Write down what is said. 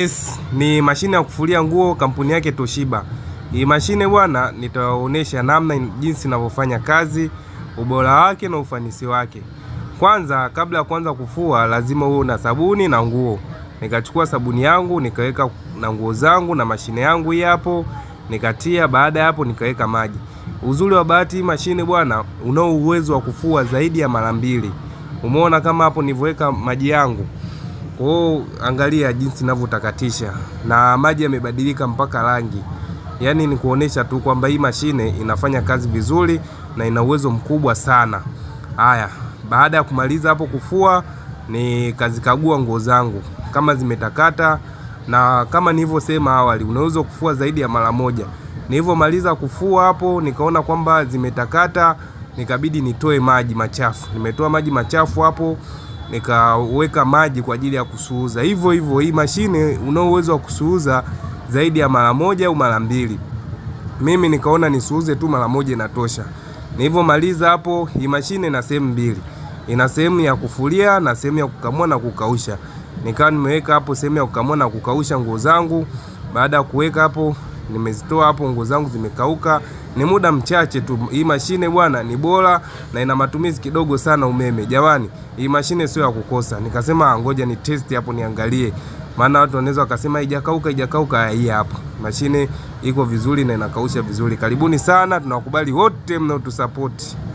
Yes, ni mashine ya kufulia nguo kampuni yake Toshiba. Hii mashine bwana, nitawaonesha namna jinsi inavyofanya kazi, ubora wake na ufanisi wake. Kwanza, kabla ya kuanza kufua, lazima uwe na sabuni na nguo. Nikachukua sabuni yangu nikaweka na nguo zangu na mashine yangu hii hapo, nikatia. Baada ya hapo, nikaweka maji. Uzuri wa bahati hii mashine bwana, unao uwezo wa kufua zaidi ya mara mbili. Umeona kama hapo nilivyoweka maji yangu kwa hiyo angalia jinsi ninavyotakatisha na maji yamebadilika mpaka rangi. Yaani ni kuonesha tu kwamba hii mashine inafanya kazi vizuri na ina uwezo mkubwa sana. Haya, baada ya kumaliza hapo kufua nikazikagua nguo zangu kama zimetakata na kama nilivyosema awali unaweza kufua zaidi ya mara moja. Nilivyomaliza kufua hapo nikaona kwamba zimetakata nikabidi nitoe maji machafu. Nimetoa maji machafu hapo nikaweka maji kwa ajili ya kusuuza. Hivyo hivyo hii mashine una uwezo wa kusuuza zaidi ya mara moja au mara mbili. Mimi nikaona nisuuze tu mara moja inatosha. Nilivyomaliza hapo, hii mashine ina sehemu mbili, ina sehemu ya kufulia na sehemu ya kukamua na kukausha. Nikawa nimeweka hapo sehemu ya kukamua na kukausha nguo zangu. Baada ya kuweka hapo nimezitoa hapo, nguo zangu zimekauka. Ni muda mchache tu. Hii mashine bwana ni bora na ina matumizi kidogo sana umeme. Jamani, hii mashine sio ya kukosa. Nikasema ngoja ni test hapo niangalie, maana watu wanaweza wakasema haijakauka, haijakauka. Hii hapo mashine iko vizuri na inakausha vizuri. Karibuni sana, tunawakubali wote mnaotusapoti.